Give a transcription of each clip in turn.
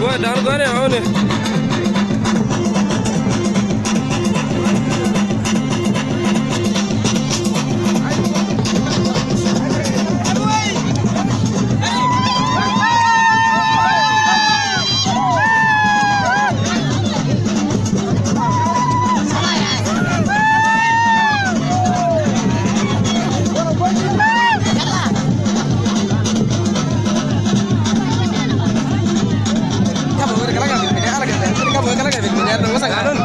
Go down, go down. Punya rumah sangat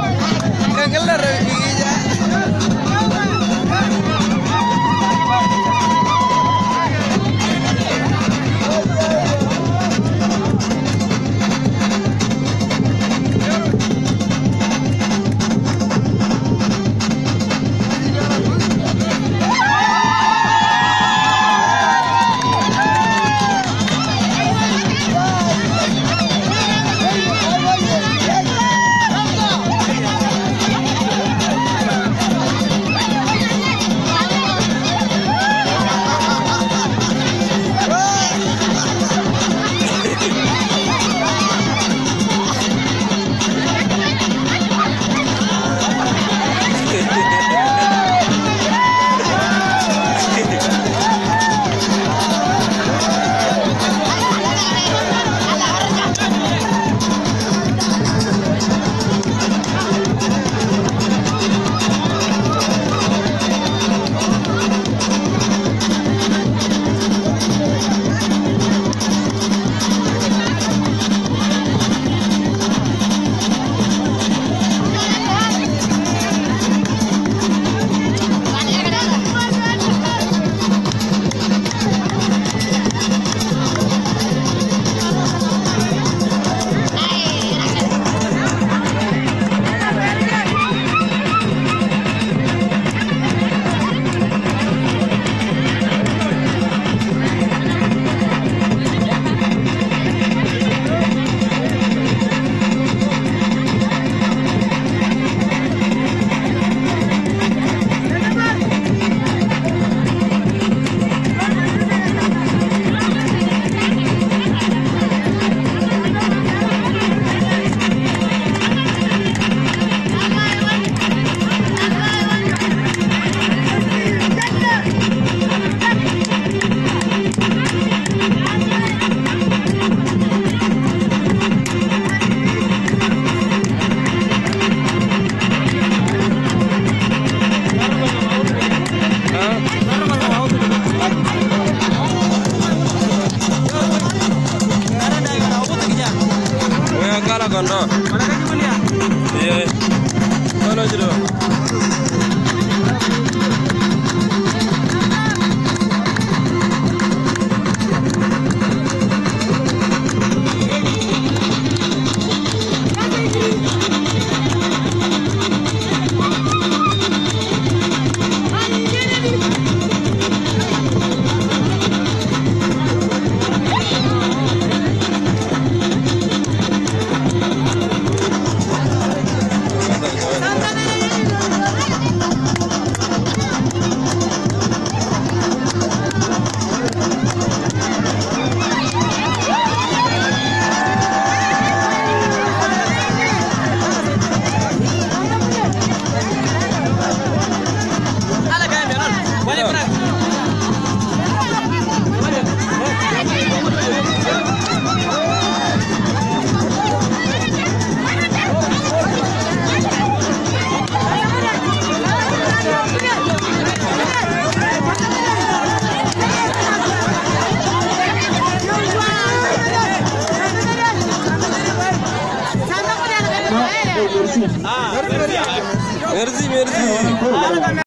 mana kanda. Mana kaji mulia. Yeah. Mana jiru. মেরজি মেরজি